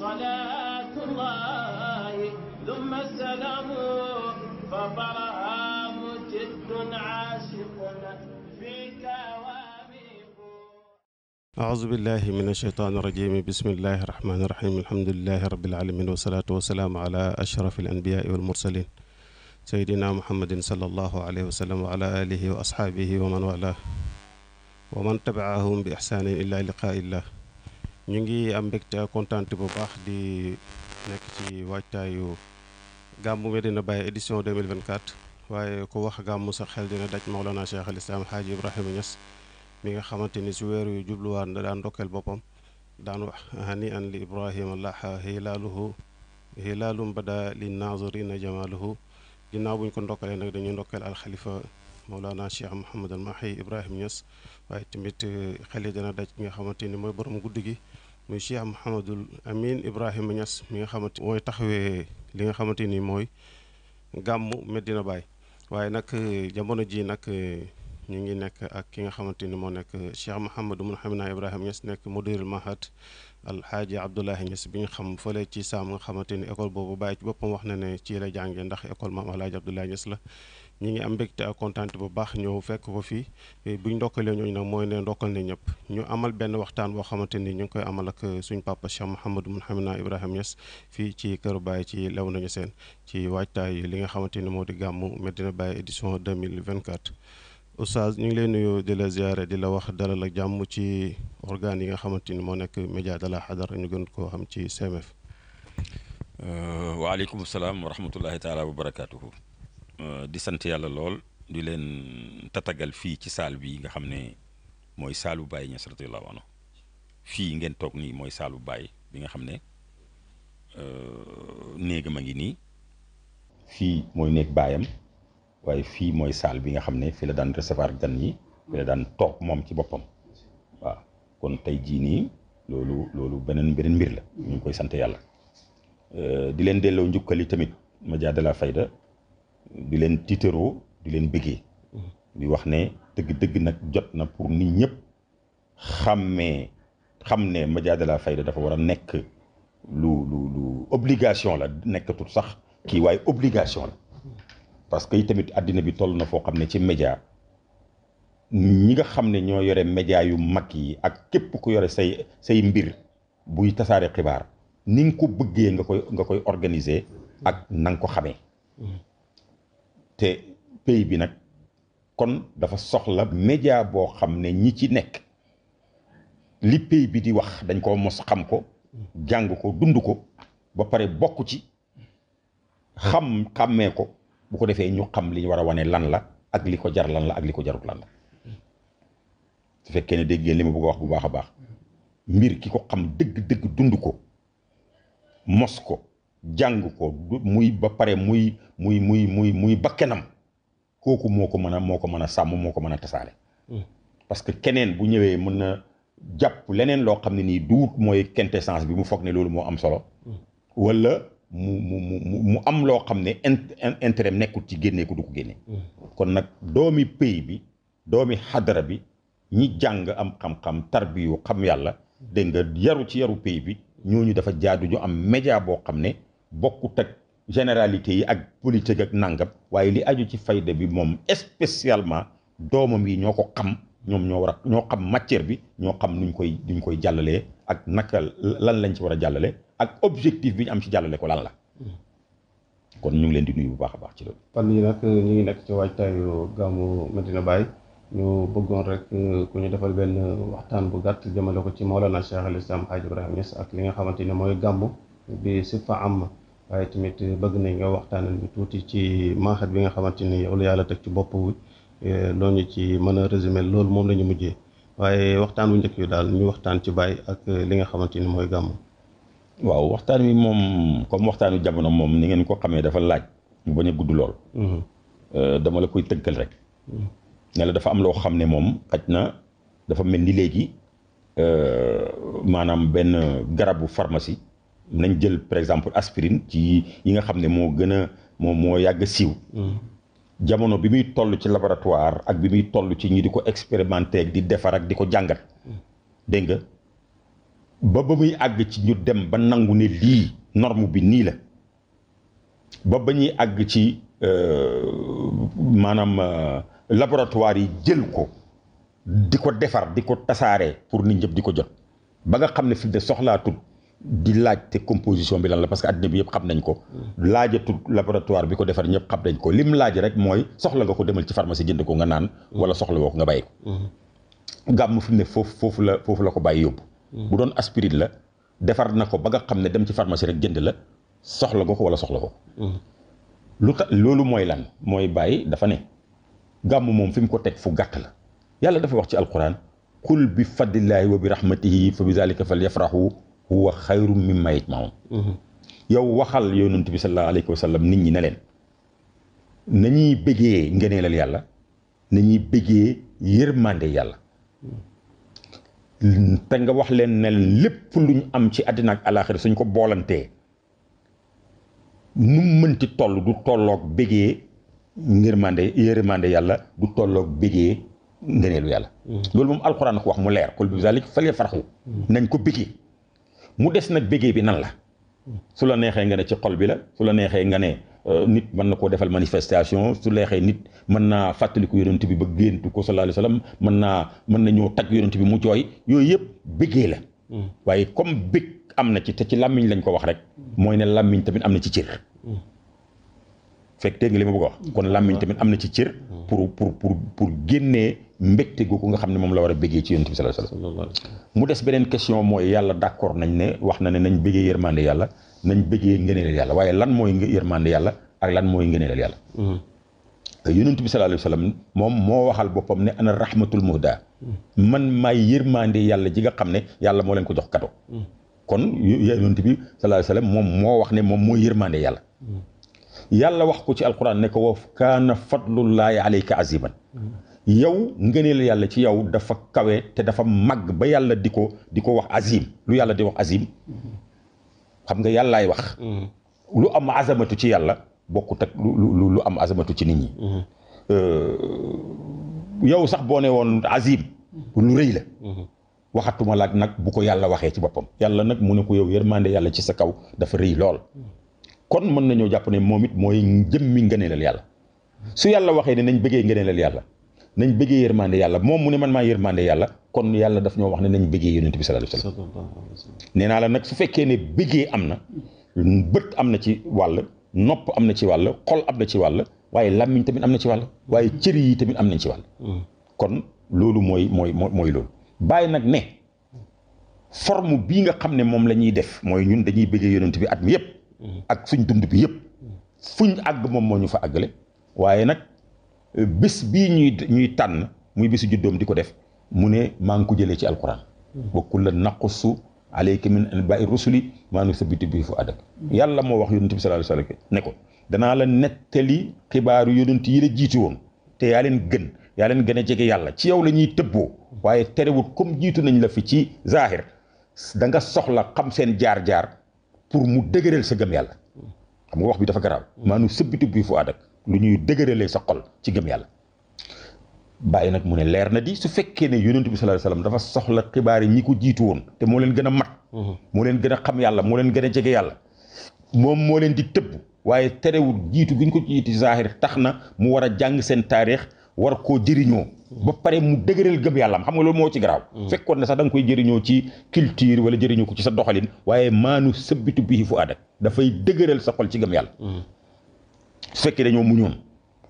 صلاة الله ثم السلام فطرها مجد عاشق فيك واميق أعوذ بالله من الشيطان الرجيم بسم الله الرحمن الرحيم الحمد لله رب العالمين والصلاة والسلام على أشرف الأنبياء والمرسلين سيدنا محمد صلى الله عليه وسلم وعلى آله وأصحابه ومن والاه ومن تبعهم بإحسان إلا لقاء الله ñu ngi am mbégte ak kontaante bu baax di nekk ci waajtaayu gàmmu Medina Baye édition 2024 waaye ko wax gàmmu sa xel dina daj Maolana Cheikh al Islam Haaji Ibrahima Niass mi nga xamante ni si weeru yu jubluwaan daan ndokkeel boppam daan wax hani an li Ibrahima laha hilaaluhu hilaalum bada li naazirina jamaaluhu ginnaaw bu ñu ko ndokkalee nag dañuy ndokkeel alxalifa Maolana Cheikh Mouhamadul Mahi Ibrahima Niass waaye tamit eh, xel yi dana daj nga xamante ni mooy borom guddi gi muy Cheikh Mouhamadul Amin Ibrahima Niass mi nga xamante mooy taxawee li nga xamante nii mooy gàmmu Medina Baye waaye nag euh, jamono ji nag euh, ñu ngi nekk ak ki nga xamante ni moo nekk Cheikh Mouhamadou mun xam naa Ibrahima Niass nekk mudirul mahad alxaaji Abdoulahi Niass bi nga xam fële ci saam nga xamante ni école boobu bàyyi ci boppam wax na ne ci la jàngee ndax école maam alxaaji Abdoulahi Niass la ñu ngi am mbégte ak kontaante bu baax ñëw fekk ko fii eh, buñ ndokkalee ñooñu nag mooy ne ndokkal ne ñëpp ñu amal benn waxtaan boo xamante ni ñu ngi koy amal ak eh, suñ papa Cheikh Mouhamadou Mouhamina Ibrahima Niass fii ci Kër Baye ci lew nañu seen ci waajtaay li nga xamante ni moo di gàmmu Medina Baye édition 2024 oustaz ñu ngi lay nuyu di la ziare di la wax dalal ak jàmm ci organes yi nga xamante ni moo nekk média de la Hadar ñu gën koo xam ci CMF euh, waaleykum salaam wa rahmatullahi taala wa barakatuhu Euh, di sant yàlla lool di leen tatagal fii ci saal bi nga xam ne mooy saalu Baye Niass radiyallahu anhu fii ngeen toog nii mooy saalu Baye bi nga xam ne euh, néegam a ngi nii fii mooy néeg baayam waaye fii mooy saal bi nga xam ne fi la daan recevoir gan yi fi la daan toog moom ci boppam waaw kon tey jii nii loolu loolu beneen beneen mbir la ñu ngi koy sant yàlla euh, di leen delloo njukkal yi tamit média de fayda di leen tiitaroo di leen bëggee di wax ne dëgg-dëgg nag jot na pour nit ñëpp xàmmee xam ne Madiadala Fayda dafa war a nekk lu lu lu obligation la nekkatul sax kii waaye obligation la parce que tamit àddina bi toll na foo xam ne ci média ñi nga xam ne ñoo yore média yu mag yi ak képp ku yore say say mbir buy tasaare xibaar ni ko bëggee nga koy nga koy organiser ak na ko xamee te pays bi nag kon dafa soxla média boo xam ne ñi ci nekk li pays bi di wax dañ koo mos xam ko jàng ko dund ko ba pare bokk ci xam xàmmee ko bu ko defee ñu xam li ñu war a wane lan la ak li ko jar lan la ak li ko jarut lan la su fekkee ne dégg ngeen li ma bëgg a wax bu baax a baax mbir ki ko xam dëgg-dëgg dund ko mos ko jàng ko muy ba pare muy muy muy muy muy bakkenam kooku moo ko mën a moo ko mën a sàmm moo ko mën a tasaare hmm. parce que keneen bu ñëwee mën na jàpp leneen loo xam ne nii duut mooy quintessence bi mu foog ne loolu moo am solo hmm. wala mu mu mu mu am loo xam ne intérêt nekkul ci génnee ko du ko génne hmm. kon nag doomi pays bi doomi xadara bi ñi jàng am xam-xam tarbiyu xam yàlla dégg nga yaru ci yaru pays bi ñooñu dafa jaadu ñu am média boo xam ne bokkut ak généralité yi ak politique ak nangam waaye li aju ci fayda bi moom spécialement doomam yi ñoo ko xam ñoom ñoo war a ñoo xam matière bi ñoo xam nuñ koy duñ koy jàllalee ak naka lan lañ ci war a jàllale ak objectif bi ñu am ci jàllale ko lan la. kon ñu ngi leen di nuyu bu baax a baax ci loolu. fan yii nag ñu ngi nekk ci waajtaayu gàmmu dina Baye ñu bëggoon rek euh, ku ñu defal benn waxtaan bu gàtt jëmale ko ci Mawlana Cheikh al Islam Hadj Ibrahima Niass ak li nga xamante ne mooy gàmmu bi si fa am. waaye tamit bëgg nañ nga waxtaan ñu tuuti ci maaxat bi nga xamante ni yow la yàlla teg ci bopp bi eh, ñu ci mën a résumé loolu moom la ñu mujjee waaye waxtaan wu njëkk yu daal ñu waxtaan ci bàyyi ak li nga xamante ni mooy gàmm. waxtaan wi moom comme waxtaanu jamono moom ni ngeen ko xamee dafa laaj mu bañ gudd lool. Mm-hmm. Eh, dama la koy tëggal rek. Mm-hmm. ne dafa am loo xam ne moom xaj na dafa mel ni léegi eh, maanaam benn garabu pharmacie. nañ jël par exemple aspirine ci yi nga xam ne moo gën a moom moo yàgg siiw mm. jamono bi muy toll ci laboratoire ak bi muy tollu ci ñi di ko expérimenter ak di defar ak di ko jàngat mm. dégg nga ba ba muy àgg ci ñu dem ba nangu ne lii norme bi nii la ba ba ñuy àgg ci euh, maanaam euh, laboratoire yi jël ko di ko defar di ko tasaare pour nit ñëpp di ko jot ba nga xam ne fi mu ne soxlaatul di laaj te composition bi lan la parce que addina bi yëpp xam nañ ko laajatul laboratoire bi ko defar ñëpp xam nañ ko lim laaj rek mooy soxla nga ko demal ci pharmacie jënd ko nga naan wala soxla woo ko nga bàyyi ko mm-hmm. gàmm fi mu ne foofu foofu la foofu la ko bàyyi yóbbu mm-hmm. bu doon aspirine la defar na ko ba nga xam ne dem ci pharmacie rek jënd la soxla ko wala soxla ko mm-hmm. lu loolu mooy lan mooy bàyyi dafa ne gàmm moom fi mu ko teg fu gàtt la yàlla dafa wax ci alquran kul bi fadlillahi wa bi rahmatihi fa bi fa falyafrahu huwa xayru mimma yajmaun mhm. yow waxal yonent bi sallallahu alayhi wa sallam nit ñi ne leen nañuy bëggee ngëneelal yàlla na nañuy bëggee yërmande yàlla te nga wax leen ne lépp luñ am ci àddina ak alaxira suñ ko boolantee nu mënti toll du tolloog bëggee ngërmande yërmande yàlla du tolloog bëggee ngëneelu yàlla mhm. loolu moom alxuraan ko wax mu leer kul bi zalik fal mhm. nañ ko bëggee mu des nag bëggee bi nan la su la neexee nga ne ci xol bi la su la neexee nga ne euh, nit mën na koo defal manifestation su leexee nit mën naa fàttaliku yonent bi ba géntu ko sallallahu alayhi wasallam mën naa mën na ñëw tag yonent bi mu jooy yooyu yëpp bëggee la hmm. waaye comme bëgg am na ci te ci làmmiñ lañ ko wax rek mooy ne làmmiñ tamit am na ci cër hmm. fekk dégg nga li ma bëgg a wax hmm. kon làmmiñ tamit am na ci cër pour pour pour pour génnee mbégte googu nga xam ne moom la war a béggee ci yonent bi sallallahu alayhi wasallam mu des beneen question mooy yàlla d'accord nañ ne wax na ne nañ béggee yërmande yàlla nañ béggee ngëneelal yàlla waaye lan mooy yërmande yàlla ak lan mooy ngëneelal yàlla mm-hmm. euh, yonent bi sallallahu alayhi wasallam moom moo waxal boppam ne ana rahmatul muhda man maay yërmande yàlla ji nga xam ne yàlla moo leen ko jox kado mm-hmm. kon yonent bi sallallahu alayhi wasallam moom moo wax ne moom mooy yërmande yàlla mm-hmm. yàlla wax ko ci alquran ne ko wa kaana fadlullahi alayka aziman yow ngëneelu yàlla ci yow dafa kawe te dafa màgg ba yàlla di ko di ko wax azim lu yàlla di wax azim xam nga yàllaay wax lu am asamatu ci yàlla bokkut ak lu lu am asamatu ci nit ñi euh, yow sax boo ne woon azim lu rëy la waxatuma laaj nag bu ko yàlla waxee ci boppam yàlla nag mu ne ko yow yërmande yàlla ci sa kaw dafa rëy lool kon mën nañoo jàpp ne moom it mooy jëmmi ngëneelal yàlla su yàlla waxee ne nañ bëggee ngëneelal yàlla nañ bëggee yërmande yàlla moom mu ne man maa yërmande yàlla kon yàlla daf ñoo wax ne nañ bëggee yonent bi sallallahu alayhi wasallam nee naa nag su fekkee ne bëggee am na bët am na ci wàll nopp am na ci wàll xol am na ci wàll waaye lamiñ tamit am na ci wàll waaye cër yi tamit am nañ ci wàll kon loolu mooy mooy mooy loolu bàyyi nag ne forme bii nga xam ne moom la ñuy def mooy ñun dañuy bëggee yonent bi at mi yëpp ak suñ dund bi yëpp fuñ àgg moom moo ñu fa àggale waaye nag bés bii ñuy ñuy tànn muy bésu juddoom di ko def mu ne maa ngi ko jëlee ci alquran. wa kulla naqussu alayka ba anba'i rusuli maa nusabbitu bihi fu'aadak yàlla moo wax yonent bi sallallahu alayhi wa sallam ne ko danaa la nettali xibaaru yonent yi la jiitu woon te yaa leen gën yaa leen gën a jege yàlla ci yow la ñuy tëbboo waaye terewut comme jiitu nañ la fi ci zahir da nga soxla xam seen jaar-jaar pour mu dëgëral sa gëm yàlla xam nga wax bi dafa garaaw maa nu sëbbitu bi fu àddak lu ñuy dëgëralee sa xol ci gëm yàlla bàyyi nag mu ne leer na di su fekkee ne yonent bi sallallahu dafa soxla xibaar yi ñi ko jiitu woon te moo leen gën a mat mhm. moo leen gën a xam yàlla moo leen gën a jege yàlla moom moo leen di tëbb waaye terewul jiitu bi ñu ko jiiti zahir tax na mu war a jàng seen taarix war koo jëriñoo ba pare mu dëgëral gëm yàlla xam nga loolu moo ci garaaw mhm. fekkoon ne sax danga koy jëriñoo ci culture wala jëriñoo ko ci sa doxalin waaye maanu sëbbitu bii fu àddak dafay dëgëral sa ci gëm yàlla mhm. su fekkee dañoo muñoon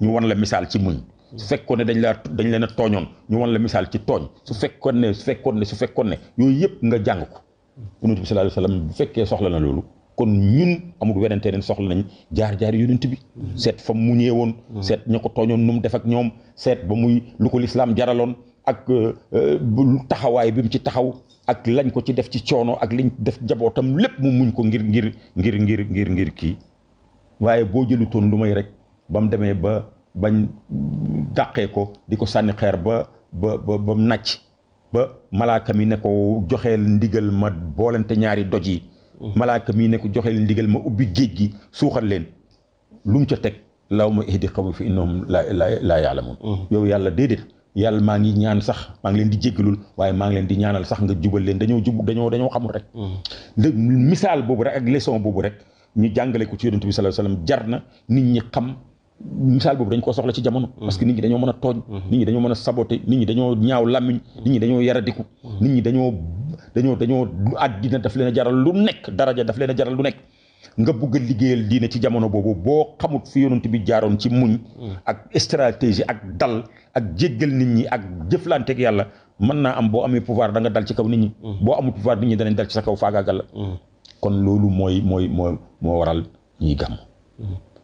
ñu wan la misaal ci muñ su fekkoon ne dañ laa dañ leen a tooñoon ñu wan la misaal ci tooñ su fekkoon ne su fekkoon ne su fekkoon ne yooyu yëpp nga jàng ko yonent bi sallallahu alayhi wasallam bu fekkee soxla na loolu kon ñun amul werante ne soxla nañ jaar-jaar yonent bi seet fa mu ñëwee woon seet ña ko tooñoon nu mu def ak ñoom seet ba muy lu ko lislaam jaraloon ak euh, taxawaay bi mu ci taxaw ak lañ ko ci def ci coono ak liñ def jabootam lépp mu muñ ko ngir ngir ngir ngir ngir ngir kii waaye boo jëlutoon lu may rek ba mu demee ba bañ dàqee ko di ko sànni xeer ba ba ba mu nàcc ba malaaka mi ne ko joxeel ndigal ma boolante ñaari doj yi mm-hmm. malaaka mi ne ko joxeel ndigal ma ubbi géej gi suuxal leen lu mu ca teg law ma ihdi xawmi fi innahum la laa yaalamun mm-hmm. yow yàlla déedéet yàlla maa ngi ñaan sax maa ngi leen di jéggalul waaye maa ngi leen di ñaanal sax nga jubal leen dañoo jub dañoo dañoo xamul rek mm-hmm. misaal boobu rek ak leçon boobu rek ñu jàngale ci yonent bi sallallahu alayhi jar na nit ñi xam misaal boobu dañ koo soxla ci jamono mm-hmm. parce que nit ñi dañoo mën a tooñ mm-hmm. nit ñi dañoo mën a sabote nit ñi dañoo ñaaw làmmiñ mm-hmm. nit ñi dañoo yaradiku nit ñi dañoo dañoo dañoo àddina daf leen a jaral lu nekk daraja daf leen a jaral lu nekk nga bugg a liggéeyal diine ci jamono boobu boo xamut fi yonent bi jaaroon ci muñ ak stratégie ak dal ak jéggal nit ñi ak jëflanteeg yàlla mën naa am boo amee pouvoir da nga dal ci kaw nit ñi boo amul pouvoir nit ñi danañ dal ci sa kaw faagaagal kon loolu mooy mooy moo moo waral ñii gàmm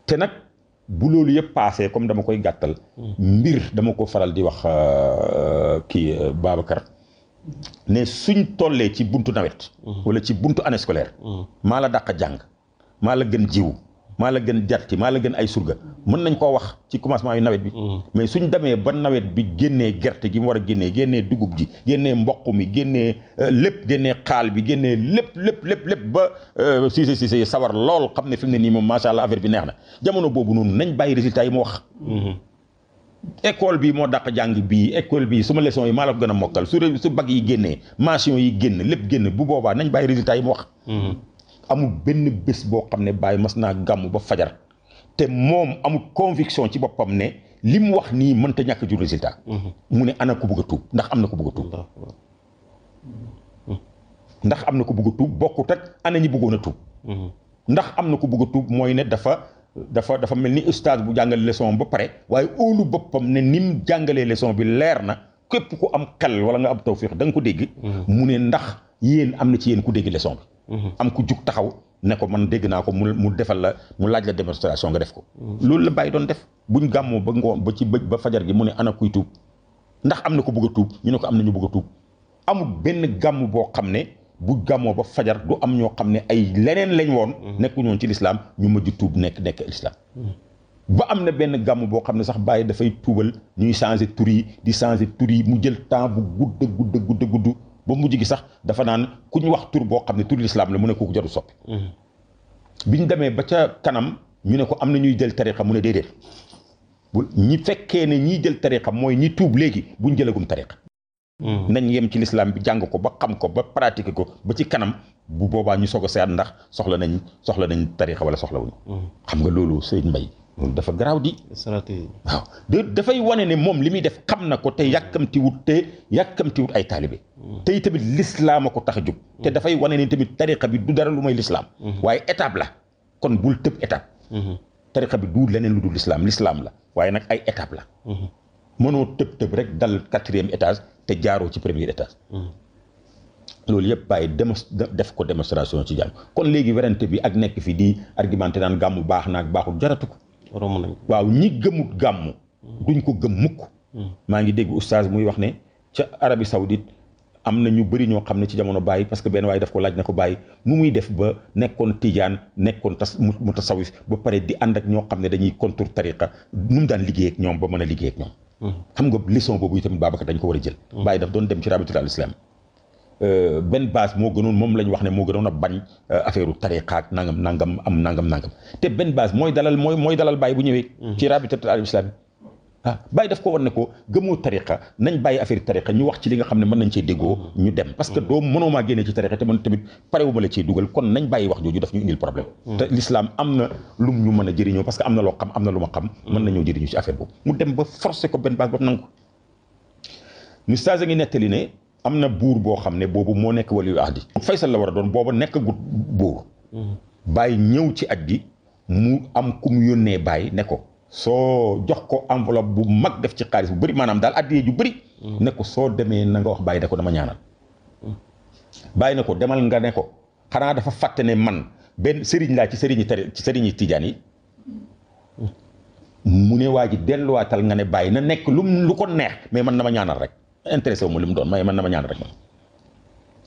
te nag bu loolu yëpp paasee comme dama koy gàttal mbir dama ko faral di wax euh, kii euh, Babacar ne suñ tollee ci buntu nawet mm. wala ci buntu année scolaire mm. maa la daq jàng maa la gën jiw maa la gën jarti maa la gën ay surga mën nañ koo wax ci commencement yu nawet bi mm. mais suñ demee ba nawet bi génnee gerte gi mu war a génnee génnee dugub ji génnee mboq mi génnee euh, lépp génnee xaal bi génnee lépp lépp lépp lépp ba siise euh, siise sawar lool xam ne fi mu ne nii moom macha allah affaire bi neex na jamono boobu noonu nañ bàyyi résultat yi mu wax mm-hmm. école bi moo dàq jàng bii école bi suma leçon yi maa la gën a mokkal su su bag yi génnee mention yi génn lépp génn bu boobaa nañ bàyyi résultat yi mu wax mm-hmm. amul benn bés boo xam ne Baye mas naa gàmmu ba fajar te moom amul conviction ci boppam ne li mu wax nii mënta ñàkk jur résultat. mu ne ana ko bëgg a tuub ndax am na ko bëgg tuub. ndax am na ko bëgg a tuub bokkut ak ana ñi bëggoon a tuub. Mhm. ndax am na ko bëgg a tuub mooy ne dafa dafa dafa mel ni ustaas bu jàngale leson ba pare waaye óolu boppam ne ni mu jàngalee leson bi leer na képp ko am xel wala nga am tawféex da nga ko dégg. Mhm. mu ne ndax yéen am na ci yéen ku dégg leçon bi. Mm-hmm. am ku jug taxaw ne ko man dégg naa ko mu mu defal la mu laaj la démonstration nga def ko. Mm-hmm. loolu la bàyyi doon def buñ gàmmoo ba ngoon ba ci bëj ba fajar gi mu ne ana kuy tuub ndax am na ko bëgg a tuub ñu ne ko am na ñu bëgg tuub amul benn gàmm boo xam ne bu gàmmoo ba fajar du am ñoo xam ne ay leneen lañ woon. Mm-hmm. nekkuñu ci lislaam ñu mujj tuub nekk nekk lislaam ba am na benn gàmm boo xam ne sax bàyyi dafay tuubal ñuy changer tur yi di changer tur yi mu jël temps bu gudd gudd gudd gudd. ba mujj gi sax dafa naan ku ñu wax tur boo xam ne tur lislaam la mu ne kooku jaru soppi mm-hmm. bi ñu demee ba ca kanam ñu ne ko am na ñuy jël tariqa mu ne déedéet bu ñi fekkee ne ñiy jël tariqa mooy ñi tuub léegi buñ jëlagum tariqa mm-hmm. nañ yem ci lislaam bi jàng ko ba xam ko ba pratiquer ko ba ci kanam bu boobaa ñu soog a seet ndax soxla nañ soxla nañ tariqa wala soxla wuñ mm-hmm. xam nga loolu sëñ Mbay dafa garaaw di. stratégie waaw dafay wane ne moom li muy def xam na ko te yàkkamtiwut te yàkkamtiwut ay taalibe. te itamit lislaam a ko tax a jóg. te dafay wane ni tamit tariqa bi du dara lu may lislaam. Mhm. waaye étape la kon bul tëb étape. Mhm. tariqa du leneen lu dul lislaam lislaam la waaye nag ay étape la. Mhm. mënoo rek dal quatrième étage te jaaroo ci premier étage. loolu yëpp bàyyi demos def ko démonstration ci jàmm kon léegi werante bi ak nekk fi di argumenté naan gàmmu baax naag baaxul jaratu ko. romb nañ waaw ñi gëmut gàmm. duñ ko gëm mukk. Hmm. maa ngi dégg oustaz muy wax ne ca Arabie Saoudite am na ñu bëri ñoo xam ne ci jamono bàyyi parce que benn waaye daf ko laaj na ko bàyyi nu muy def ba nekkoon tijaan nekkoon tas mu tasawif ba pare di ànd ak ñoo xam ne dañuy contour tariqa nu mu daan liggéey ak ñoom ba mën a liggéey ak ñoom. Hmm. xam nga leçon boobu itamit Babacar dañ ko war a jël. Hmm. bàyyi daf doon dem ci rabitul al islam. Euh, benn baas moo gënoon moom la ñu wax ne moo gënoon a bañ euh, affaire tariqa ak nangam nangam am nangam nangam te benn baas mooy dalal mooy mooy dalal bàyyi bu ñëwee. Mhm. ci rabitatul alam islami ah bàyyi daf ko wan ne ko gëmoo tariqa nañ bàyyi affaire tariqa ñu wax ci li nga xam ne mën nañ cee déggoo mhm. ñu dem parce que mhm. doo mënoo maa génnee ci tariqa te man tamit pare wu ma la ciy dugal kon nañ bàyyi wax jooju daf ñu indil problème te l'islam am na lum ñu mën a jëriñoo parce que am na loo xam am na lu ma xam mën nañoo jëriñu ci affaire boobu mu dem ba forcé ko benn baas ba nangu ñu ngi nettali ne am na buur boo xam ne boobu moo nekk waliyu ahdi faysal la war a doon booba nekk gut buur hmm. bàyyi ñëw ci at gi mu am ku mu yónnee bàyyi ne ko soo jox ko enveloppe bu mag def ci xaalis bu bari maanaam daal addiyee ju bari hmm. ne ko soo demee na nga wax bàyyi ne ko dama ñaanal hmm. bàyyi ne ko demal nga ne ko xanaa dafa fàtte ne man benn sëriñ laa ci sëriñi tari ci sëriñi tijaan yi mu ne waa ji delluwaatal nga ne bàyyi na nekk lu lu ko neex mais man dama ñaanal rek intéressé wu ma li mu doon may man na ma ñaan rek man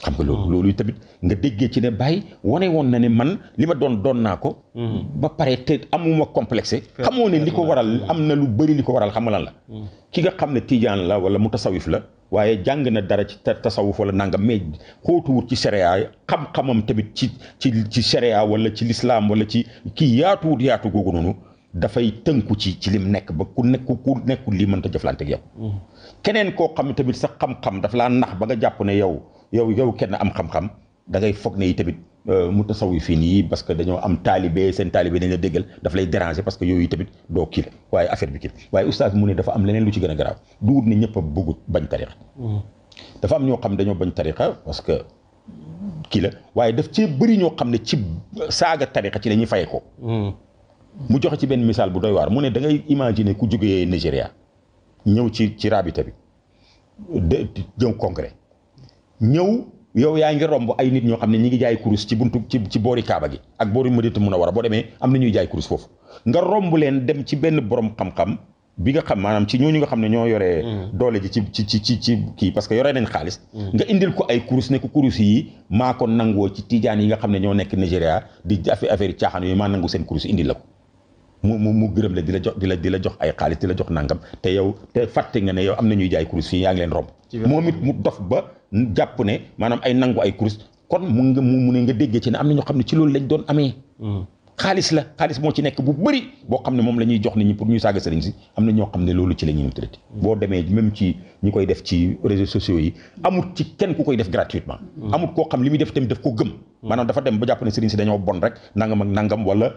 xam nga loolu loolu tamit nga déggee ci ne Baye wane woon na ne man li ma doon doon naa ko mm-hmm. ba pare te amuma complexé xamoo ne li ko waral am na lu bëri li ko waral xam nga lan la mm-hmm. ki nga xam ne tijaan la wala mutasawif la waaye jàng na dara ci tasawuf wala nangam mais xóotuwut ci sharia xam-xamam tamit ci ci ci sharia wala ci lislaam wala ci kii yaatuwut yaatu googu noonu dafay tënku ci ci mu nekk ba ku nekk ku nekkul li mënta jëflante ak yow mm-hmm. keneen koo xam tamit sa xam-xam daf laa nax ba nga jàpp ne yow yow yow kenn am xam-xam da ngay foog ne euh, yi tamit mu tasawu fii nii parce que dañoo am taalibe seen taalibe dañ la déggal daf lay déranger parce que yooyu tamit doo kii waaye affaire bi kii waaye oustaz mu ne dafa am leneen lu ci gën a garaaw du wut ne ñëpp a bëggut bañ tariqa mm-hmm. dafa am ñoo xam dañoo bañ tariqa parce que kii la waaye daf cee bëri ñoo xam ne ci saaga tariqa ci la ñuy fay ko mm-hmm. mu joxe ci benn misaal bu doy waar mu ne da ngay imaginer ku jógee Nigéria ñëw ci ci rabita bi de jëm congrès ñëw yow yaa ngi romb ay nit ñoo xam ne ñi ngi jaay kurus ci buntu ci ci boori Kaaba gi ak boori Madinatu Munawwara boo demee am na jaay kurus foofu nga romb leen dem ci benn borom xam-xam bi nga xam maanaam ci ñooñu nga xam ne ñoo yore mm. doole ji ci ci ci ci kii parce que yore nañ xaalis mm. nga indil ko ay kurus ne ko kurus yi maa ko nangoo ci tiijaan yi nga xam ne ñoo nekk Nigéria di affaire yi caaxaan yooyu maa nangu seen kurus indil la ko mu mu mu gërëm la di la jox di la di la jox ay xaalis di la jox nangam te yow te fàtte nga ne yow am na ñuy jaay kurus fii yaa ngi leen romb moom it mu dof ba jàpp ne maanaam ay nangu ay kurus kon mu nga mu mu ne nga déggee ci ne am na ñoo xam ne ci loolu lañ doon amee mm. xaalis la xaalis moo ci nekk bu bëri boo xam ne moom la ñuy jox nit ñi pour ñu saaga sëriñ si am na ñoo xam ne loolu ci la ñuy nu mm. boo demee même ci ñi koy def ci réseaux sociaux yi amul ci kenn ku koy def gratuitement mm. amul koo xam li muy def tamit daf ko gëm maanaam dafa dem ba jàpp ne sëriñ si dañoo bon rek nangam ak nangam wala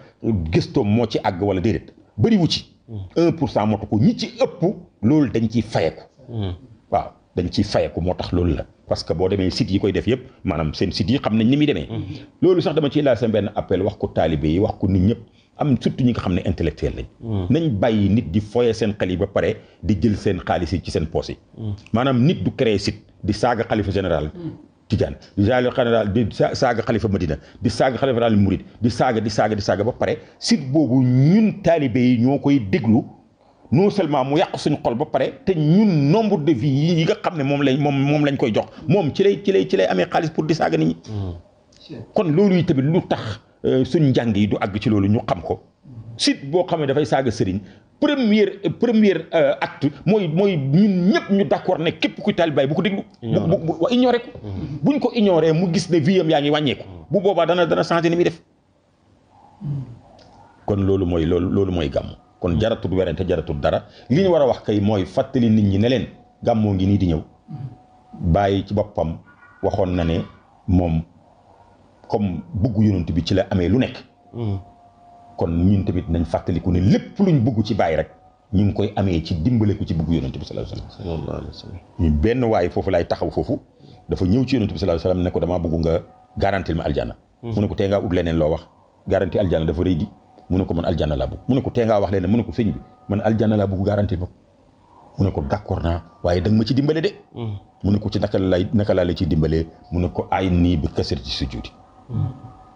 gëstoom moo ci àgg wala déedéet bëriwu ci. 1 hmm. pour cent motu ko ñi ci ëpp loolu dañ ciy fayeku. Hmm. waaw dañ ci fayeku moo tax loolu la parce que boo demee site yi koy def yëpp maanaam seen site yi xam nañ ni muy demee. Hmm. sax dama ciy laal benn appel wax ko taalibe yi wax ko nit ñëpp. am ñi xam ne intellectuel lañ. nañ bàyyi nit di fooyee seen xel yi ba pare di jël seen xaalis yi ci seen poos yi. maanaam nit du créer sit di saaga xalifa général. Tijaan di jaale général di saaga xalifa Madina di saaga xalifa général Murid di saaga ba pare site boobu ñun taalibe yi ñoo koy déglu non mu yàq suñu xol ba pare te ñun nombre de vie yi nga xam ne moom lañ moom moom lañ koy jox moom ci lay ci lay ci lay amee xaalis pour di saaga nit ñi. Hmm. kon loolu yi tamit lu tax euh, suñ njàng yi du ag ci loolu ñu xam ko. site boo xam dafay saaga sëriñ première première euh, acte mooy mooy ñun ñëpp ñu d'accord ne képp kuy taalibaay bu ko déglu bu wa ignoré ko mm-hmm. buñ ko ignoré mu gis ne viam yaa ngi wàññeeku mm-hmm. bu boobaa dana dana changé ni muy def mm-hmm. kon loolu mooy loolu loolu mooy gàmmu kon jaratul werante jaratul dara li ñu war a wax kay mooy fàttali nit ñi ne leen gàmmoo ngi nii di ñëw bàyyi ci boppam waxoon na ne moom comme bëgg yonent bi ci la amee lu nekk kon ñun tamit nañ fàttaliku ne lépp luñ bëgg ci bàyyi rek ñu ngi koy amee ci dimbaleku ci bëgg yonent bi sallallahu alayhi wasallam hmm. loo wax garanti ko man aljana laa ko tee ngaa wax leneen mu ne ko sëñ bi man da nga ma ci dimbale de hmm. mu ko ci naka lay naka la ciy dimbalee mu ne ko ay nii bi kasar sujudi hmm.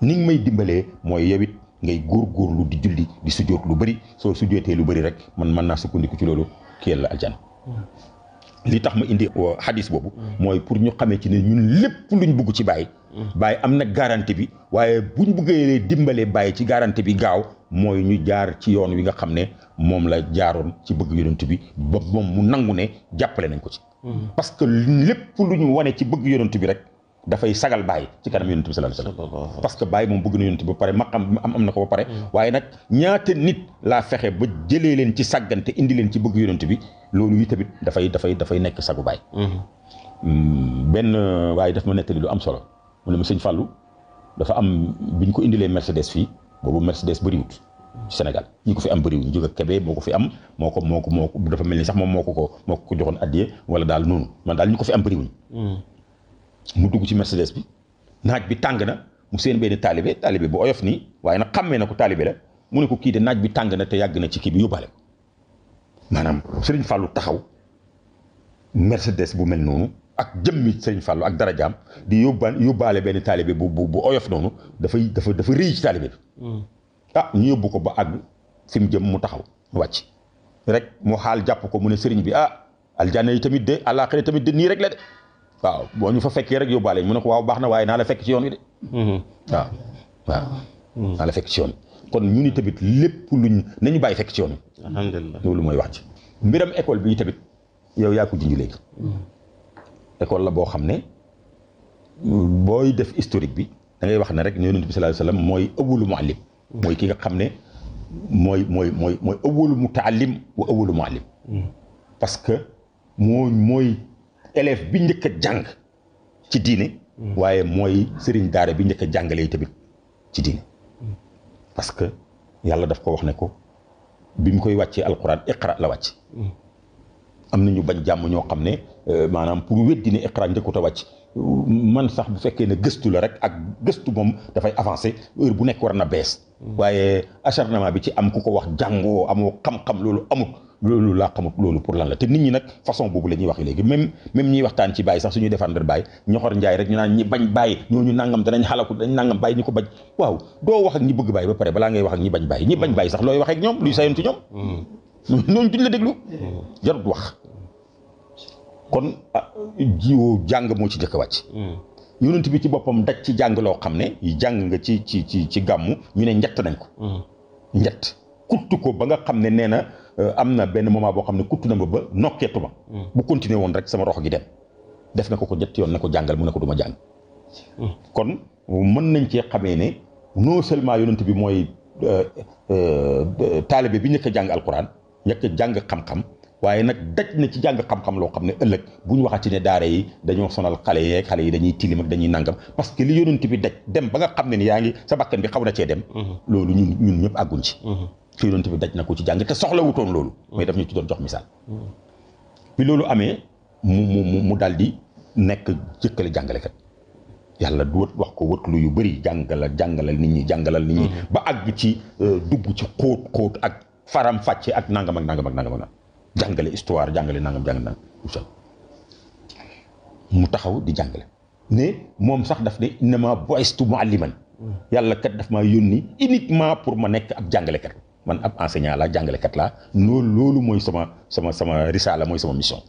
ni may dimbalee mooy yow ngay góorgóorlu di julli di sujjóot lu bëri soo sujjóotee lu bëri rek man mën naa sukkandiku ci loolu kiyal la aljana mm. li tax ma indi hadis boobu mm. mooy pour ñu xamee ci ne ñun lépp luñ bugg ci bàyyi mm. bàyyi am na garantie bi waaye buñ bëggee dimbalee bàyyi ci garantie bi gaaw mooy ñu jaar ci yoon wi nga xam ne moom la jaaroon ci bëgg yonent bi ba moom mu nangu ne jàppale nañ ko ci parce que lépp lu ñu wane ci bëgg yonent bi rek dafay sagal bàyyi ci kanam yonent bi sallallahu alayhi wasallam parce que bàyyi moom bëgg na yonent bi ba pare maqam am na ko ba pare mm. waaye nag ñaata nit laa fexe ba jëlee leen ci sàggante indi leen ci bëgg yonent bi loolu yi tamit dafay dafay dafay nekk sagu bàyyi mm. mm, benn waaye daf ma nekk lu am solo mu ne ma sëñ Fallou dafa am bu ñu ko indilee Mercedes fii boobu Mercedes bëriwut ci Sénégal ñi ko fi am bëriwul jóge Kébé moo ko fi am moo ko moo ko moo dafa mel ni sax moom moo ko ko moo ko ko joxoon addiye wala daal noonu man daal ko fi am bëriwuñ mu dugg ci Mercedes bi naaj bi tàng na mu seen benn taalibe taalibe bu oyof nii waaye na xàmmee na ko taalibe la mu ne ko kii de naaj bi tàng na te yàgg na ci kii bi yóbbaale maanaam Serigne Fallou taxaw Mercedes bu mel noonu ak jëmmi Serigne Fallou ak darajaam di yóbbaale yóbbaale benn taalibe bu bu bu oyof noonu dafay dafa dafa rëy ci taalibe bi. Hmm. ah ñu yóbbu ko ba àgg fi mu jëm mu taxaw wàcc rek mu xaal jàpp ko mu ne Serigne bi ah aljanna yi tamit de àllaaxira tamit de nii rek la waaw boo ñu fa fekkee rek yóbbaale ñu mu ne ko waaw baax na waaye naa la fekk ci yoon mhm. waaw waaw. Mhm. naa la fekk ci yoon kon ñu ni tamit lépp luñ nañu bàyyi fekk ci yoon wi. alhamdulilah loolu mooy wax ci mbiram école bi tamit yow yaa ko junj léegi. Mhm. école la boo xam ne booy def historique bi da wax ne rek yonent bi sallallahu alayhi wa sallam mooy awwalu muallim. mooy ki nga xam ne mooy mooy mooy mooy awwalu mutaallim wa awwalu muallim. parce que moo mooy. élève bi njëkk a jàng ci diine mm. waaye mooy sëriñ daara bi njëkk a jàngalee tamit ci diine parce que yàlla daf ko wax ne ko bi mu koy wàccee alquran iqra la wàcc mm. am na ñu bañ jàmm ñoo xam ne euh, maanaam pour weddi ne iqra njëkkut a wàcc man sax bu fekkee ne gëstu la rek ak gëstu moom dafay avancé heure bu nekk war na bees. Hmm. waaye acharnement bi ci am ku ko wax jàngoo amoo xam-xam loolu amut. loolu laa xamut loolu pour lan la te nit ñi nag façon boobu la ñuy wax léegi même même ñiy waxtaan ci bàyyi sax suñuy défendre bàyyi ñoxor njaay rek ñu naan ñi bañ bàyyi ñooñu nangam danañ xalaku dañ nangam bàyyi ñu ko bañ waaw doo wax ak ñi bëgg bàyyi ba pare balaa ngay wax ak ñi bañ bàyyi ñi bañ bàyyi sax looy wax ak ñoom luy sayoon ci ñoom hmm. la déglu hmm. jarut wax kon ah, jiwu jàng moo ci njëkk a wàcc. Hmm. yonent bi ci boppam daj ci jàng loo xam ne jàng nga ci ci ci ci gàmmu ñu ne njett nañ ko. njett hmm. kuttu ko ba nga xam ne nee na euh, am na benn moment boo xam ne kuttu na ma ba nokkeetu ma. Hmm. bu continuer woon rek sama rox gi dem def na ko ko njett yoon na ko jàngal mu ne ko du jàng. kon mën nañ cee xamee ne non seulement yonent bi mooy euh, euh, taalibe bi ñëkk a jàng alquran njëkk a jàng xam-xam. waaye nag daj na ci jàng xam-xam loo xam ne ëllëg bu ñu ci ne daara yi dañoo sonal xale yi xale yi dañuy tilim ak dañuy nangam parce que li yonent bi daj dem ba nga xam ne ni yaa ngi sa bakkan bi xaw na cee dem mm-hmm. loolu ñun ñun ñëpp àgguñ ci mm-hmm. te bi daj na ko ci jàng te soxla loolu mm-hmm. mais daf ñu ci doon loolu amee mu daal di nekk jëkkale jàngalekat yàlla du wët wax ko wët yu bëri jàngalal jàngalal nit ñi jàngalal nit ñi ba àgg ci euh, dugg ci xóot xóot ak faram fàcce ak nangam ak nangam ak nangam jàngale histoire jàngale nangam jàng nangam mu taxaw di jàngale ne moom sax daf ne innama boistu mualliman yàlla kat daf maa yónni uniquement pour ma nekk ab jàngalekat man ab enseignant laa jàngalekat laa loolu loolu mooy sama sama sama mooy sama mission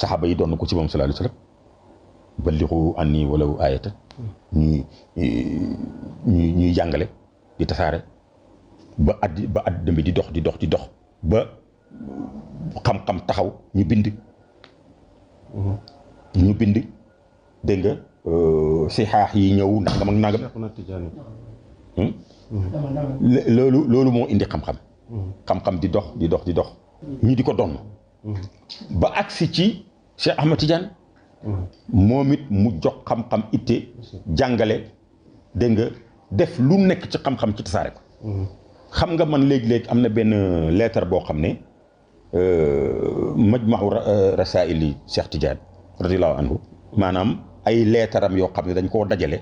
saxaaba yi doon na ko ci moom sallallahu alayhi ba sallam balligu anni walaw ayata ñuy ñuy ñuy jàngale di tasaare ba at ba at dëmbi di dox di dox di dox ba xam-xam taxaw ñu bind. ñu bind dégg nga euh, si xaax yi ñëw ndax dama nangam. Hmm? loolu loolu moo indi xam-xam. xam-xam di dox di dox di dox. ñi di ko doon. ba agsi ci Cheikh Ahmad Tidiane. moom it mu jox xam-xam itte jàngale dégg nga def lu nekk ci xam-xam ci tasaare ko. Hmm. xam nga man léegi léegi am na benn leetar boo xam ne. Euh, majmahu euh, rasaili Cheikh Tidiane radiallahu anhu maanaam ay leetaram yoo xam ne dañ koo dajale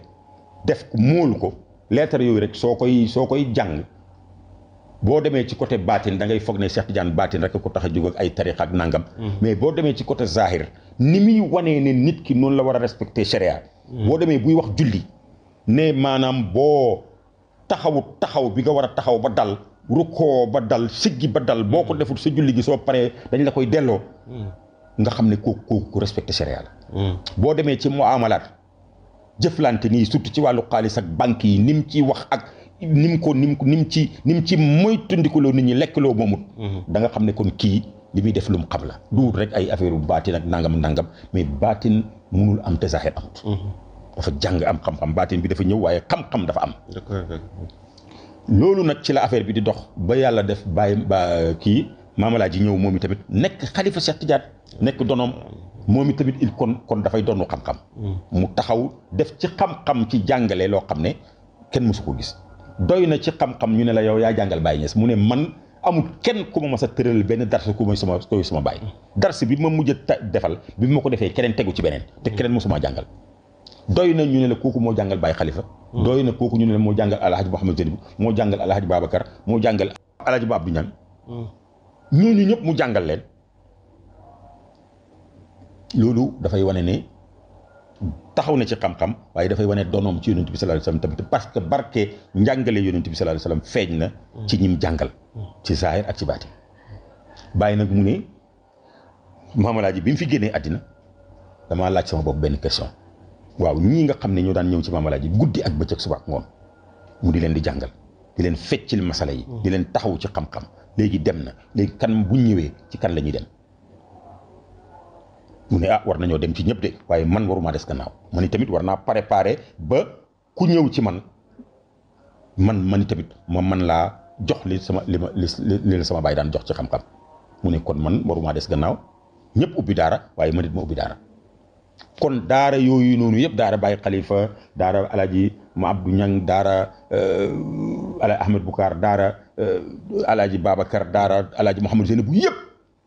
def móol ko leetar yooyu rek soo koy soo koy jàng boo demee ci côté baatin da ngay foog ne Cheikh Tidiane baatin rek ko tax a jóg ay tarixa ak nangam hmm. mais boo demee ci côté zahir ni muy wanee ne nit ki noonu la war a respecté sharia hmm. boo demee buy wax julli ne maanaam boo taxawut taxaw bi nga war a taxaw ba dal rukkoo ba dal siggi ba dal boo ko mm. deful sa julli gi soo paree dañ la koy delloo mm. nga xam ne kooku kooku ku respecté sharia mm. boo demee ci mu amalaat jëflante nii surtout ci wàllu xaalis ak banque yi ni mu ciy wax ak ni mu ko ni mu ni mu ci ni mu ci moytandikuloo nit ñi lekkloo moomut mm-hmm. da nga xam ne kon kii li muy def lu mu xam la duut rek ay affaire bu baatin ak nangam nangam mais baatin munul am te zahir amut mm-hmm. dafa jàng am xam-xam baatin bi dafa ñëw waaye xam-xam dafa am loolu nag ci la affaire bi di dox ba yàlla def bàyyi ba euh, kii maamalaaji ñëw moom i tamit nekk xalifa Cheikh Tidiane nekk donoom moom i tamit il kon kon dafay donnu xam-xam mu taxaw def ci xam-xam ci jàngale loo xam ne kenn mësu ko gis doy na ci xam ñu ne la yow yaa jàngal Baye Niass mu ne man amul kenn ku ma mas a tëral benn darse ku may sama koy suma baay darse bi ma mujj a defal bi ma ko defee keneen tegu ci beneen te keneen mosuma jàngal doy na ñu ne la kooku moo jàngal Baye Khalifa hmm. doy na kooku ñu ne la moo jàngal Alhaji Mouhamed Zeynib moo jàngal Alhaji Babacar moo jàngal Alhaji Ba Abdou Niang hmm. ñooñu ñëpp mu jàngal leen loolu dafay wane ne taxaw na ci xam-xam waaye dafay wane donoom ci yonent bi sallallahu alayhi wasallam tamit parce que barke njàngale yonent bi sallallahu alayhi wasallam feeñ na hmm. ci ñim jàngal ci ak ci baati bàyyi nag mu ne Mamalaaji bi mu fi génnee àddina damaa laaj sama bopp benn question waaw ñii nga xam ne ñoo daan ñëw ci maamalaaji guddi ak bëccëg suba ak ngoon mu di leen di jàngal di leen feccil masala yi. di leen taxaw ci xam-xam léegi dem na léegi kan bu ñëwee ci kan la ñuy dem. mu ne ah war nañoo dem ci ñëpp de waaye man waruma des gannaaw man itamit war naa préparer ba ku ñëw ci man man man itamit ma man laa jox li sama li ma li sama baay daan jox ci xam mu ne kon man waruma des gannaaw ñëpp ubbi daara waaye man it ma ubbi daara. kon daara yooyu noonu yëpp daara bàyyi Khalifa daara Alaji ma Abdou Niang daara euh, Alaji Ahmed Boucar daara euh, Alaji Babacar daara Alaji Mouhamed Zeynabou yëpp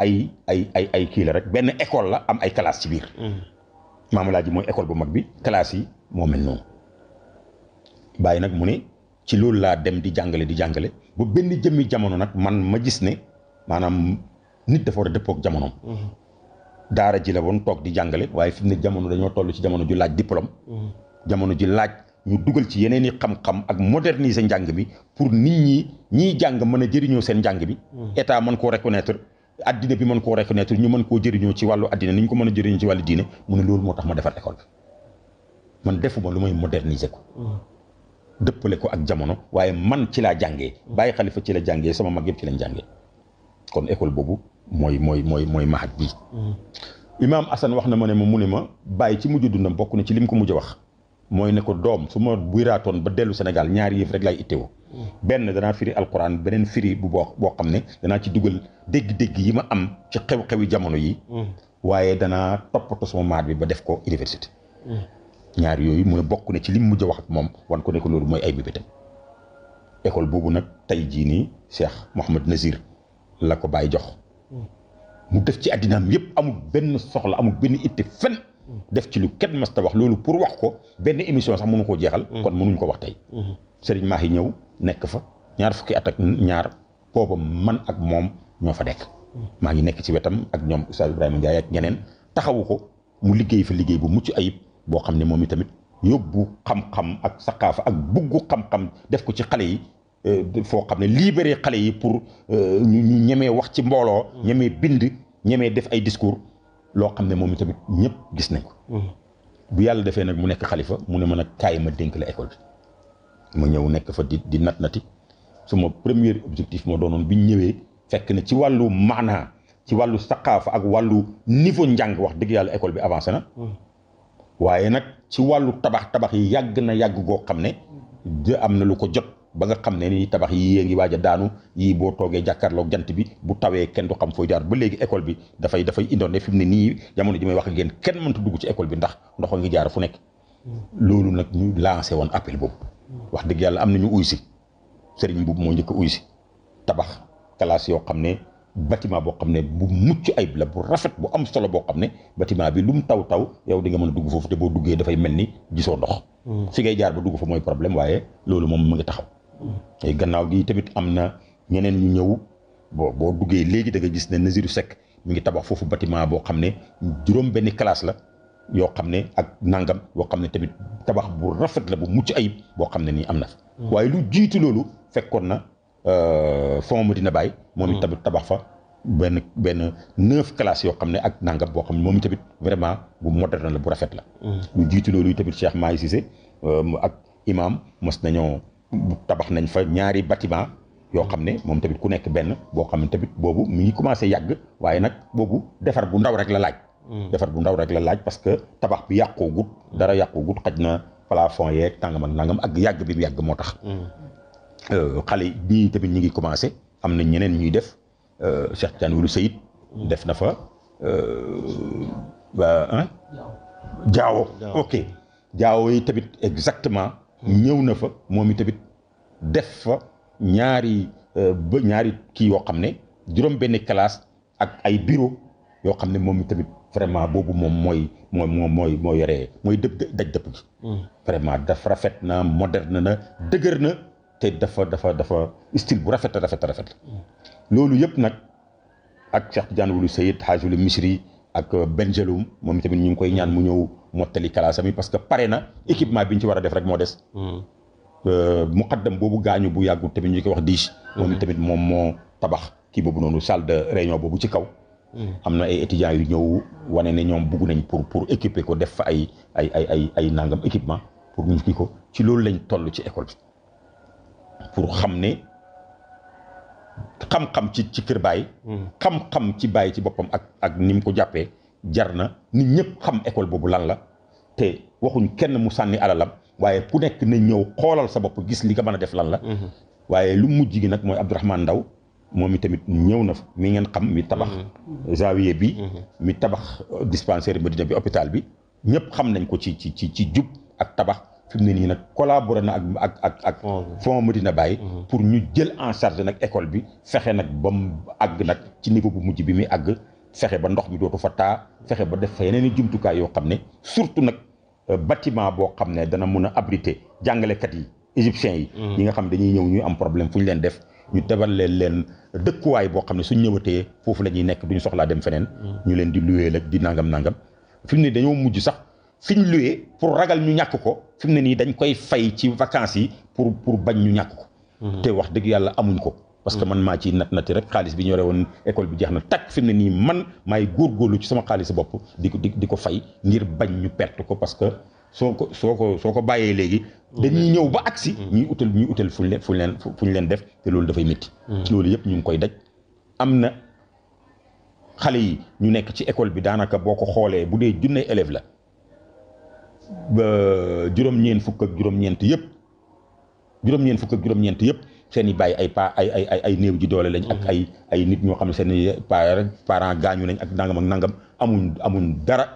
ay ay ay ay kii la rek benn école la am ay classe ci biir. Mm-hmm. maam Alaji mooy école bu mag bi kalaas yi moo mel noonu Baye nag mu ne ci loolu laa dem di jàngale di jàngale ba benn jëmmi jamono nag man ma gis ne maanaam nit dafa war a dëppook jamonoom. Mm-hmm. daara ji la woon toog di jàngale waaye fi mu ne jamono dañoo toll ci jamono ju laaj diplôme. jamono ji laaj ñu dugal ci yeneen i xam-xam ak moderniser njàng bi pour nit ñi ñiy jàng mën a jëriñoo seen njàng bi. état mën koo reconnaître addina bi mën koo reconnaître ñu mën koo jëriñoo ci wàllu àddina ni ñu ko mën a jëriñoo ci wàllu diine mu ne loolu moo tax ma defar école bi man defuma lu may moderniser ko. dëppale ko ak jamono waaye man ci laa jàngee. bàyyi xalifa ci la jàngee sama mag yëpp ci lañ jàngee. kon école boobu mooy mooy mooy mooy mahad bi imaam Assane wax na ma ne ma mu ne ma bàyyi ci mujj dundam bokk na ci lim ko mujj wax mooy ne ko doom su ma wiraatoon ba dellu Sénégal ñaari yëf rek laay itteewoo. benn danaa firi alquran beneen firi bu boo boo xam ne danaa ci dugal dégg-dégg yi ma am xew-xewi jamono yi. waaye danaa toppatoo sama bi ba def ko université. ñaar yooyu mu bokk na ci lim mujj wax ak moom wan ko ne ko loolu mooy ay bibitam école boobu nag tey jii nii Cheikh Mouhamed Nazir. la ko baay jox mu def ci àddinaam yëpp amul benn soxla amul benn itte fenn def ci lu kenn mas wax loolu pour wax ko benn émission sax mënu koo jeexal kon mënuñ ko wax tey sëriñ Mahi ñëw nekk fa ñaar fukki at ak ñaar booba man ak moom ñoo fa nekk maa ngi nekk ci wetam ak ñoom Oustaz Ibrahima Ndiaye ak ñeneen taxawu ko mu liggéey fa liggéey bu mucc ayib boo xam ne moom itamit yóbbu xam-xam ak saqaafa ak buggu xam-xam def ko ci xale yi Euh, foo xam ne libéré xale yi pour euh, ñu ñemee wax ci mbooloo. Mm. ñemee bind ñemee def ay discours loo xam ne moom tamit ñëpp gis nañ ko. Mm. bu yàlla defee nag mu nekk xalifa mu ne mën a kaay ma dénk la école bi ma ñëw nekk fa di di nat nati suma premier objectif moo doonoon bi ñëwee fekk na ci wàllu maanaa ci wàllu saqaafa ak wàllu niveau njàng wax dëgg yàlla école bi avancé na. Mm. waaye nag ci wàllu tabax tabax yi yàgg na yàgg goo xam ne. am na lu ko jot. ba nga xam ne ni tabax yii yée ngi waaj a daanu yii boo toogee jàkkaarloog jant bi bu tawee kenn du xam fooy jaar ba léegi école bi dafay dafay indoon ne fi mu ne nii jamono ji may wax ak yéen kenn mënta dugg ci école bi ndax ndox ngi nekk loolu nag ñu lancé woon appel boobu wax dëgg yàlla am na ñu uy boobu moo njëkk uy tabax classe yoo xam ne bâtiment boo xam ne bu mucc ayib la bu rafet bu am solo boo xam ne bâtiment bi lu mu taw taw yow di nga mën a dugg foofu te boo duggee dafay mel ni gisoo ndox hmm. fi ngay jaar ba dugg fa mooy problème waaye loolu moom mu ngi taxaw gannaaw gi tamit am na ñeneen ñëw boo boo duggee léegi da nga gis ne Nazirou sekk mu ngi tabax foofu bâtiment boo xam ne juróom benn classe la yoo xam ne ak nangam yoo xam ne tamit tabax bu rafet la bu mucc ayib boo xam ne nii am na hmm. waaye lu jiitu loolu fekkoon na euh, fond Medina Baye. moom it hmm. tamit tabax fa benn benn neuf yoo xam ne ak nangam boo xam ne moom tamit vraiment bu moderne la bu rafet la. Hmm. lu jiitu loolu tamit Cheikh Mahi Cissé euh, ak imam mos nañoo. tabax nañ fa ñaari bâtiment yoo xam ne moom tamit ku nekk benn boo xam ne tamit boobu mi ngi commencé yàgg waaye nag boobu defar bu ndaw rek la laaj. Hmm. defar bu ndaw rek la laaj parce que tabax bi yàqoogut hmm. dara yàqoogut xaj na yee yeeg tàngam ak nangam ak yàgg bi mu yàgg moo tax. Hmm. Euh, xale ñii tamit ñi ngi commencé am na ñeneen ñuy def euh, Cheikh Tidiane Wulu sayit def na fa. jaawo euh, ok jaawo yi tamit exactement. ñëw na fa moom i tamit def fa ñaari euh, ba kii yoo xam ne juróom benn classe ak ay bureau yoo xam ne moom i tamit vraiment boobu moom mooy mooy mooy mooy yore mooy dëpp daj dëpp gi mm. vraiment dafa rafet na moderne na dëgër na te dafa dafa dafa style bu rafet rafet rafet mm. loolu yëpp nag ak Cheikh Tidiane Wulu Seyid Hajj Wulu Misri ak euh, Benjeloum moom i tamit ñu ngi koy ñaan mu ñëw mottali kalaasam yi parce que pare na équipement bi ñu ci war a def rek moo des. Hmm. Euh, muqaddam boobu gaañu bu yàggul tamit ñu ko wax diis. Hmm. moom tamit moom moo tabax kii boobu noonu salle de réunion boobu ci kaw. Hmm. am na ay étudiants yu ñëw wane ne ñoom bugg nañ pour pour équiper ko def fa ay ay ay nangam équipement pour ñu ko ci loolu lañ tollu ci école bi pour xam ne xam-xam ci ci kër baay. xam-xam ci bàyyi ci boppam ak ak ni mu ko jàppee. jar na nit ñëpp xam école boobu lan la te waxuñ kenn mu sànni alalam waaye ku nekk na ñëw xoolal sa bopp gis li nga mën a def lan la. Mhm. waaye lu mujj gi nag mooy Abdourahmane Ndaw moom tamit ñëw na fa mi ngeen xam mi tabax. Mhm. zawiye bi. Mhm. mi tabax euh, dispensaire Medina bi hôpital bi. ñëpp xam nañ ko ci ci ci ci jub ak tabax fi mu ne nii nag collaboré na ak ak ak. fond Medina Baye. pour ñu jël en charge nag école bi fexe nag ba mu àgg nag ci niveau bu mujj bi muy àgg. fexe ba ndox bi dootu fa taa fexe ba def fa yeneen i jumtukaay yoo xam ne surtout nag euh, bâtiment boo xam ne dana mun a abriter jàngalekat yi égyptiens yi. yi mm-hmm. nga xam dañuy ñëw ñuy am problème fu ñu leen def. ñu tebal leen leen dëkkuwaay boo xam ne suñ ñëwatee foofu la ñuy nekk duñu soxlaa dem feneen. Mm-hmm. ñu leen di luweel ak di nangam nangam. fi mu ne dañoo mujj sax fi ñu pour ragal ñu ñàkk ko fi mu ne nii dañ koy fay ci vacances yi pour pour bañ ñu ñàkk ko. Mm-hmm. te wax dëgg yàlla amuñ ko. parce que man maa ci nat nati rek xaalis bi ñore woon école bi jeex na takk fi mu ne nii man maay góorgóorlu ci sama xaalis bopp di ko di ko fay ngir bañ ñu perte ko parce que soo ko soo ko soo ko bàyyee léegi. dañuy ñëw ba agsi. ñuy utal ñu utal fuñ leen fuñ leen fuñ leen def te loolu dafay métti. loolu yëpp ñu ngi koy daj am na xale yi ñu nekk ci école bi daanaka boo ko xoolee bu dee junne élève la ba juróom-ñeent fukk ak juróom-ñeent yëpp juróom-ñeent fukk ak juróom-ñeent yëpp. seen i bàyyi ay pa ay ay ay néew ji doole lañ. ak mhm. ay ay nit ñoo xam ne seen i parents gaañu nañ ak nangam ak nangam amuñ amuñ dara.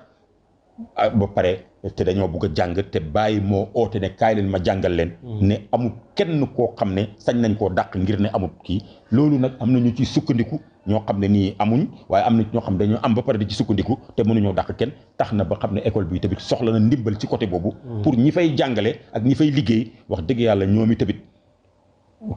Ah, ba pare te dañoo bëgg a jàng te bàyyi moo oote ne kaay leen ma jàngal leen. Mhm. ne amul kenn koo xam ne sañ nañ koo dàq ngir ne amul kii loolu nag am na ñu ci sukkandiku ñoo xam ne nii amuñ waaye am na ñoo xam ne dañoo am ba pare di ci sukkandiku te mënuñoo dàq kenn tax na ba xam ne école bi tamit soxla na ndimbal ci côté boobu. Mhm. pour ñi fay jàngale ak ñi fay liggéey wax dëgg yàlla ñoom i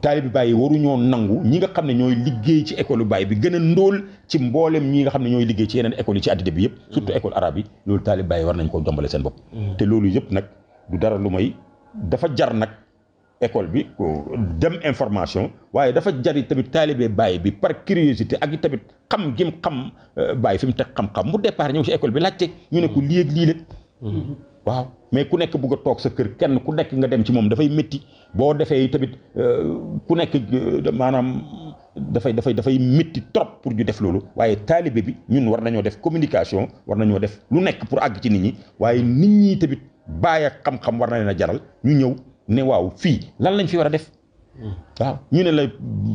taalibi waru waruñoo nangu ñi nga xam ne ñooy liggéey ci école Baye bi gën a ndóol ci mboolem ñi nga xam ne ñooy liggéey ci yeneen école yi ci àddina bi yëpp surtout école arabe yi loolu taalibi Baye war nañ koo jombale seen bopp mm. te loolu yëpp nag du dara lu may dafa jar nag école bi dem information waaye dafa jari tamit taalibe Baye bi par curiosité ak i tamit xam gim xam euh, Baye fi mu teg xam-xam mu départ ñëw ci école bi laajte ñu ne ko lii ak lii waaw mais ku nekk bugg toog sa kër kenn ku nekk nga dem ci moom dafay métti boo defee tamit euh, ku nekk euh, maanaam dafay dafay dafay métti trop pour ñu def loolu waaye taalibe bi ñun war nañoo def communication war nañoo def lu nekk pour àgg ci nit ñi waaye nit ñi tamit bàyyi ak xam-xam war na leen a jaral ñu ñëw ne waaw fii lan lañ fi war a def waaw ñu ne la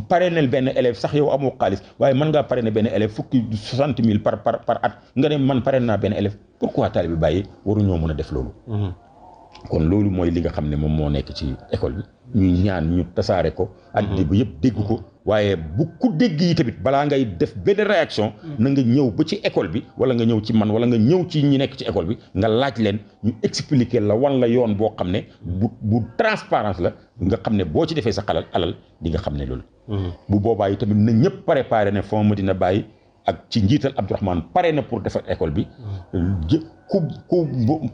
paree parrainel benn élève sax yow amoo xaalis waaye mën ngaa ne benn élève fukki soixante mille par par par at nga ne man paree naa benn élève pourquoi taalibe bi bàyyi waruñoo mën a def loolu. Mm-hmm. kon loolu mooy li nga xam ne moom moo nekk ci école bi ñuy ñaan ñu tasaare ko addina mhm. bi yëpp dégg ko waaye bu ku dégg yi tamit balaa ngay def benn réaction mhm. na nga ñëw ba ci école bi wala nga ñëw ci man wala nga ñëw ci ñu nekk ci école bi nga laaj leen ñu expliquer la wan la yoon boo xam ne bu bu transparence la nga xam ne boo ci defee sa xalal alal di nga xam ne loolu mhm. bu boobaa yi tamit na ñëpp préparé ne fond dina bàyyi ak ci njiital Abdourahmane pare na pour defar école bi ku ku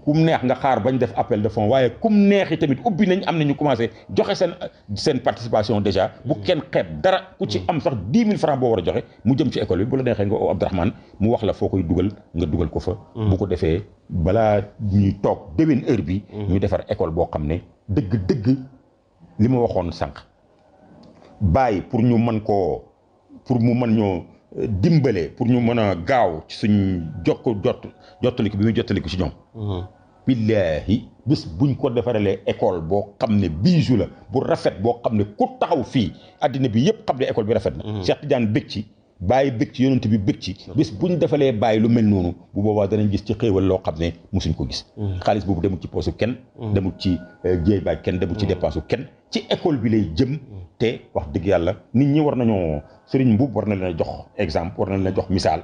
ku neex nga xaar bañ def appel de fonds waaye kum neexi tamit ubbi nañ am na ñu commencé joxe seen seen participation déjà bu kenn xeet dara ku ci am sax dix mille francs boo war a joxe mu jëm ci école bi bu la neexee nga oo Abdourahmane mu wax la foo koy dugal nga dugal ko fa mm. bu ko defee balaa ñuy toog déwén heure bi mm. ñu defar école boo xam ne dëgg dëgg li ma waxoon sànq bàyyi pour ñu mën koo pour mu mën ñoo dimbale pour ñu mën a gaaw ci suñ jokk jot jottaliku bi muy jottaliku ci ñoom mhm. billaahi bés buñ ko defaralee école boo xam ne bijou la bu rafet boo xam ne ku taxaw fii àddina bi yëpp xam ne école bi rafet na mhm. Cheikh Tidiane bëgg ci bàyyi bëgg ci yonent bi bëgg ci bis ñu defalee bàyyi lu mel noonu bu boobaa danañ gis ci xéewal loo xam ne musuñ ko gis mm. xaalis boobu demul ci poosu kenn mm. demul ci euh, jéey baay kenn demul ci mm. dépense kenn ci école bi lay jëm te wax dëgg yàlla nit ñi war nañoo sëriñ Mbuub war na leen a jox exemple war na leen a jox misaal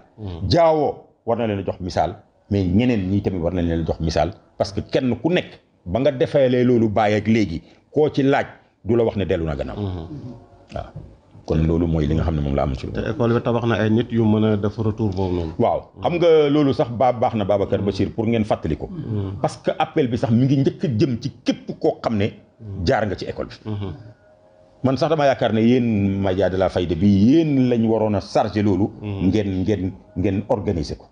jaawoo war na leen a jox misaal mais ñeneen ñi tamit war na leen a jox misaal parce que kenn ku nekk ba nga defalee loolu bàyyi ak léegi koo ci laaj du la wax ne dellu na gannaaw mm-hmm. waaw kon loolu mooy li nga xam ne moom la am ci te école bi tabax na ay a def waaw xam nga loolu sax baa baax na Babacar Bachir pour ngeen fàttali ko mm-hmm. parce que appel bi sax mi ngi njëkk a jëm ci képp koo xam ne mm-hmm. jaar nga ci école bi mm-hmm. man sax dama yaakaar ne yéen média de la fayda bi yéen lañ waroon a chargé loolu ngeen ngeen ngeen organiser ko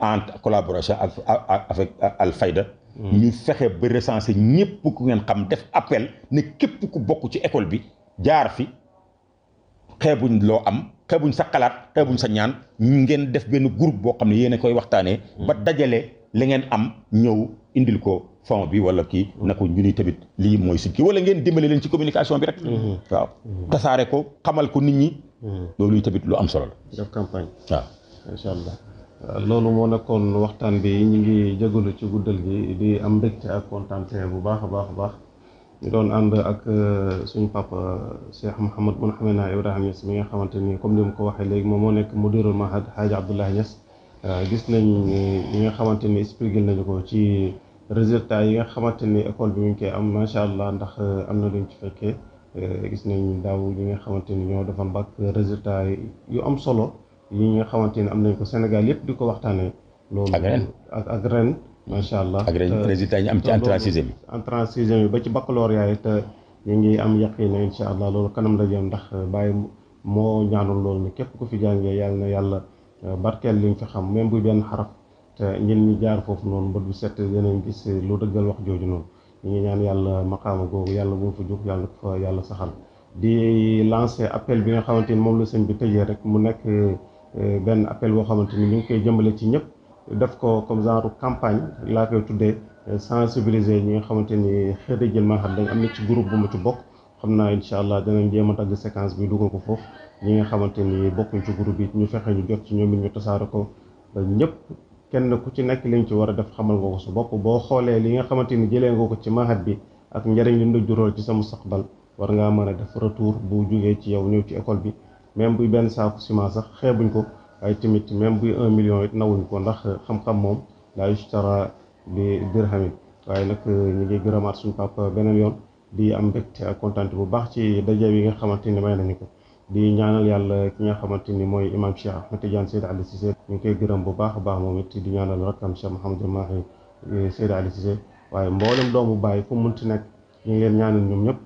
en collaboration ak avec al fayda ñu fexe ba recenser ñëpp ku ngeen xam def appel ne képp ku bokk ci école bi jaar fi xeebuñ loo am xeebuñ sa xalaat xeebuñ sa ñaan ñu ngeen def benn groupe boo xam ne yéen koy waxtaanee. Hmm. ba dajale li ngeen am ñëw indil ko fond bi wala kii. Hmm. na ko ñu ni tamit lii mooy suñ kii wala ngeen dimbale leen ci communication bi rek. Hmm. waaw tasaare ko xamal ko nit ñi. loolu tamit lu am solo la. def campagne waaw. allah euh, loolu moo nekkoon waxtaan bi ñu ngi jégalu ci guddal gi di am mbégte ak kontaan bu baax a baax a baax. ñu doon ànd ak euh, suñu papa euh, Cheikh Mouhamad bun Hamina Ibrahima Niass mi nga xamante ni comme ni mu ko waxee léegi moom moo nekk mudirul mahad Hadj Abdoulaye Niass euh, gis nañ ñi nga xamante ni expliqué nañu ko ci résultat yi nga xamante ni école bi mu ngi am macha allah ndax am na luñ ci fekkee gis nañ daaw ñi nga xamante ni ñoo defoon bac résultat yu am solo yi nga xamante ni am nañ ko Sénégal yëpp di ko waxtaanee. loolu ak ak ren. macha allah ak euh, résultat yi ñu am ci entrant sixième yi. yi ba ci baccalauréat yi te ñu ngi am yaqin incha allah loolu kanam la ndax euh, bàyyi moo ñaanul loolu ne képp ku fi jàngee yàlla na yàlla euh, barkeel li nga fi xam même bu benn xarab te ñun ñu jaar foofu noonu mbët bu set dinañ gis lu dëggal wax jooju noonu ñu ngi ñaan yàlla maqaama googu yàlla bu mu fa jóg yàlla fa yàlla saxal. di lancer appel bi nga xamante ni moom la sëñ bi tëjee rek mu nekk benn appel boo xamante ni ñu ngi koy jëmbale ci ñëpp. def ko comme genre campagne laa koy tuddee euh, sensibiliser ñi nga xamante ni xëy jël maa xam dañ am na ci groupe bu mu ci bokk xam naa incha allah danañ jéem a dagg séquence bi dugal ko foofu ñi nga xamante ni bokkuñ ci groupe bi ñu fexe ñu jot ci ñoom it ñu tasaare ko ba ñëpp kenn ku ci nekk liñ ci war a def xamal nga ko su bopp boo xoolee li nga xamante ni jëlee nga ko ci mahad bi ak njëriñ li ñu jural ci sa mustaqbal war ngaa mën a def retour bu jógee ci yow ñëw ci école bi même buy benn saaku ciment sax xeebuñ ko ay tamit même buy un million it nawuñ ko ndax xam-xam moom laa yustara bi dirhamin waaye nag euh, ñu ngi gërëmaat suñu papa beneen yoon di am mbégte ak kontaante bu baax ci daje bi nga xamante ni may nañu ko di ñaanal yàlla ki nga xamante ni mooy imam Cheikh Ahmed Tidiane Seyd Ali Cissé ñu ngi koy gërëm bu baax a baax moom it di ñaanal rakkam Cheikh Mouhamadou Mahi euh, Seyd Ali Cissé waaye mboolem doomu bàyyi fu munti nekk ñu ngi leen ñaanal ñoom ñëpp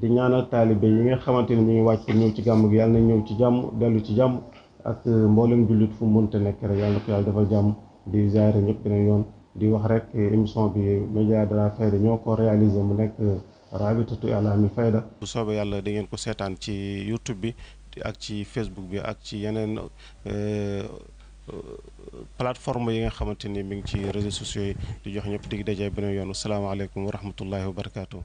di ñaanal taalibe yi nga xamante ni ñu ngi wàcc ñëw ci gàmm gi yàlla na ñëw ci jàmm dellu ci jàmm ak euh, mboolem jullit fu mënta nekk rek yàlla ko yàlla dafa jàmm di ziare ñëpp beneen yoon di wax rek euh, émission bi média de la fayda ñoo ko réalisé mu nekk euh, rabitatu alaami fayda bu soobee yàlla di ngeen ko seetaan ci youtube bi ak ci facebook bi ak ci yeneen plateforme yi nga xamante ni mi ngi ci réseaux sociaux yi di jox ñëpp dig dajee beneen yoon asalaamaaleykum wa rahmatullahi wa barakaatu.